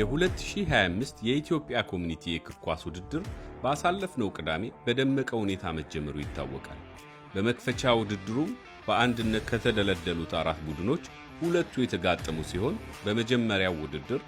የ2025 የኢትዮጵያ ኮሚኒቲ የእግር ኳስ ውድድር ባሳለፍነው ቅዳሜ በደመቀ ሁኔታ መጀመሩ ይታወቃል። በመክፈቻ ውድድሩም በአንድነት ከተደለደሉት አራት ቡድኖች ሁለቱ የተጋጠሙ ሲሆን በመጀመሪያው ውድድር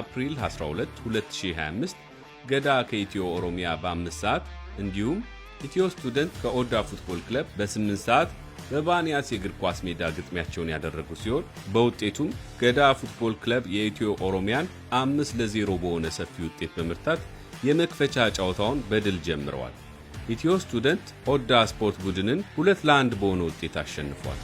አፕሪል 12 2025 ገዳ ከኢትዮ ኦሮሚያ በ5 ሰዓት እንዲሁም ኢትዮ ስቱደንት ከኦዳ ፉትቦል ክለብ በ8 ሰዓት በባንያስ የእግር ኳስ ሜዳ ግጥሚያቸውን ያደረጉ ሲሆን በውጤቱም ገዳ ፉትቦል ክለብ የኢትዮ ኦሮሚያን አምስት ለዜሮ በሆነ ሰፊ ውጤት በመርታት የመክፈቻ ጨዋታውን በድል ጀምረዋል። ኢትዮ ስቱደንት ኦዳ ስፖርት ቡድንን ሁለት ለአንድ በሆነ ውጤት አሸንፏል።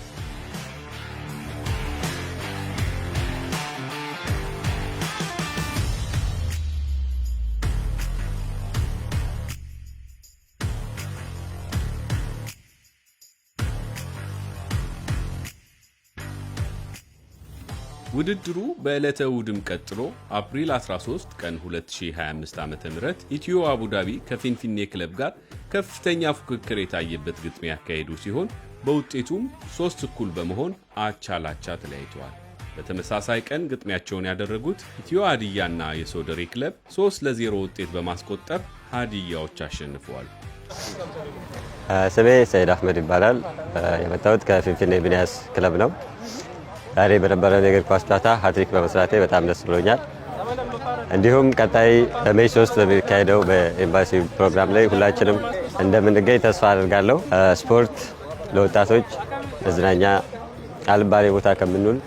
ውድድሩ በዕለተ ውድም ቀጥሎ አፕሪል 13 ቀን 2025 ዓ ም ኢትዮ አቡዳቢ ከፊንፊኔ ክለብ ጋር ከፍተኛ ፉክክር የታየበት ግጥሚያ ያካሄዱ ሲሆን በውጤቱም ሦስት እኩል በመሆን አቻ ላቻ ተለያይተዋል። በተመሳሳይ ቀን ግጥሚያቸውን ያደረጉት ኢትዮ ሃዲያና የሶደሬ ክለብ 3 ለ0 ውጤት በማስቆጠር ሃዲያዎች አሸንፈዋል። ስሜ ሰይድ አህመድ ይባላል። የመጣሁት ከፊንፊኔ ቢንያስ ክለብ ነው። ዛሬ በነበረን የእግር ኳስ ጨዋታ ሀትሪክ በመስራቴ በጣም ደስ ብሎኛል። እንዲሁም ቀጣይ በሜይ ሶስት በሚካሄደው በኤምባሲ ፕሮግራም ላይ ሁላችንም እንደምንገኝ ተስፋ አድርጋለሁ። ስፖርት ለወጣቶች መዝናኛ አልባሌ ቦታ ከምንውል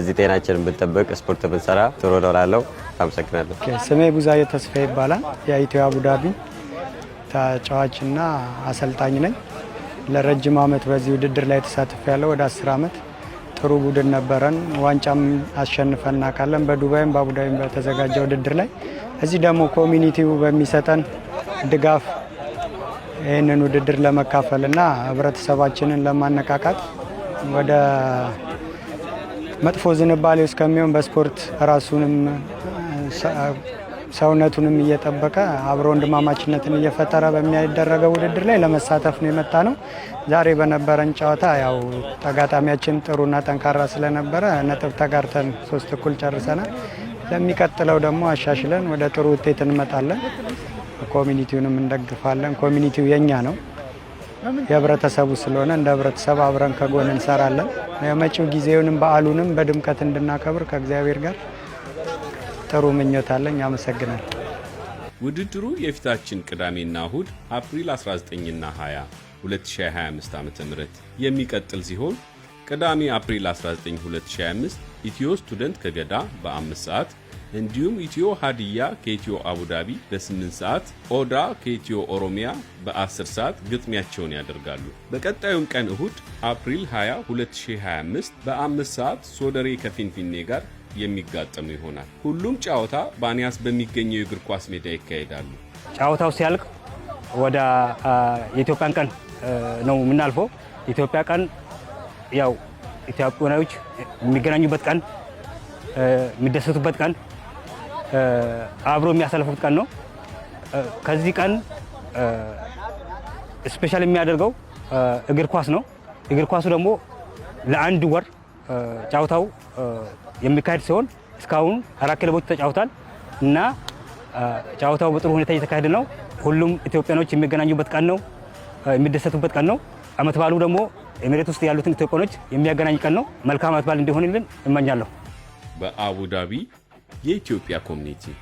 እዚህ ጤናችንን ብንጠብቅ ስፖርት ብንሰራ ጥሩ ኖራለው። አመሰግናለሁ። ስሜ ቡዛየ ተስፋ ይባላል። የኢትዮ አቡዳቢ ተጫዋችና አሰልጣኝ ነኝ። ለረጅም ዓመት በዚህ ውድድር ላይ ተሳትፍ ያለው ወደ አስር ዓመት ጥሩ ቡድን ነበረን። ዋንጫም አሸንፈን እናውቃለን በዱባይም በአቡዳቢም በተዘጋጀ ውድድር ላይ። እዚህ ደግሞ ኮሚኒቲው በሚሰጠን ድጋፍ ይህንን ውድድር ለመካፈልና ህብረተሰባችንን ለማነቃቃት ወደ መጥፎ ዝንባሌ ውስጥ ከሚሆን በስፖርት ራሱንም ሰውነቱንም እየጠበቀ አብሮ ወንድማማችነትን እየፈጠረ በሚያደረገው ውድድር ላይ ለመሳተፍ ነው የመጣ ነው። ዛሬ በነበረን ጨዋታ ያው ተጋጣሚያችን ጥሩና ጠንካራ ስለነበረ ነጥብ ተጋርተን ሶስት እኩል ጨርሰናል። ለሚቀጥለው ደግሞ አሻሽለን ወደ ጥሩ ውጤት እንመጣለን። ኮሚኒቲውንም እንደግፋለን። ኮሚኒቲው የኛ ነው የህብረተሰቡ ስለሆነ እንደ ህብረተሰብ አብረን ከጎን እንሰራለን። የመጪው ጊዜውንም በዓሉንም በድምቀት እንድናከብር ከእግዚአብሔር ጋር ጥሩ ምኞት አለኝ። አመሰግናል። ውድድሩ የፊታችን ቅዳሜና እሁድ አፕሪል 19ና 20 2025 ዓ ም የሚቀጥል ሲሆን ቅዳሜ አፕሪል 19 2025 ኢትዮ ስቱደንት ከገዳ በአምስት ሰዓት እንዲሁም ኢትዮ ሀዲያ ከኢትዮ አቡዳቢ በ8 ሰዓት፣ ኦዳ ከኢትዮ ኦሮሚያ በ10 ሰዓት ግጥሚያቸውን ያደርጋሉ። በቀጣዩም ቀን እሁድ አፕሪል 20 2025 በ5 ሰዓት ሶደሬ ከፊንፊኔ ጋር የሚጋጠሙ ይሆናል። ሁሉም ጨዋታ በአንያስ በሚገኘው የእግር ኳስ ሜዳ ይካሄዳሉ። ጨዋታው ሲያልቅ ወደ የኢትዮጵያን ቀን ነው የምናልፈው። ኢትዮጵያ ቀን ያው ኢትዮጵያኖች የሚገናኙበት ቀን የሚደሰቱበት ቀን አብሮ የሚያሳልፉት ቀን ነው። ከዚህ ቀን ስፔሻል የሚያደርገው እግር ኳስ ነው። እግር ኳሱ ደግሞ ለአንድ ወር ጫውታው የሚካሄድ ሲሆን እስካሁን አራት ክለቦች ተጫውታል እና ጫውታው በጥሩ ሁኔታ እየተካሄደ ነው። ሁሉም ኢትዮጵያኖች የሚገናኙበት ቀን ነው፣ የሚደሰቱበት ቀን ነው። አመት በዓሉ ደግሞ ኤሚሬት ውስጥ ያሉትን ኢትዮጵያኖች የሚያገናኝ ቀን ነው። መልካም አመት በዓል እንዲሆንልን እመኛለሁ። በአቡዳቢ የኢትዮጵያ ኮሚኒቲ